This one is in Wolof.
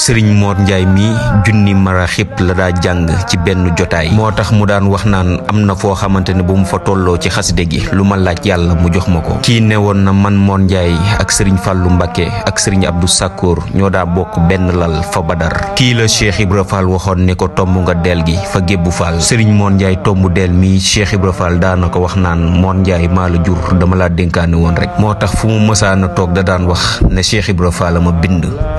sëriñ moot Ndiaye mi junni maraxib la daa jàng ci benn jotaay moo tax mu daan wax naan am na foo xamante ne bu mu fa tolloo ci xaside gi lu ma laaj yàlla mu jox ma ko kii ne woon na man Mor Ndiaye ak sëriñ Fallou Mbacké ak sëriñ Abdou Sakkour ñoo daa bokk benn lal fa Badar kii la Cheikh Ibra waxoon ni ko tomb nga del gi fa Gébbu Fall sëriñ Mor Ndiaye tomb del mi Cheikh Ibra Fall ko wax naan Mor Ndiaye maa jur dama laa denkaani woon rek moo tax fu mu toog da daan wax ne Cheikh ma bind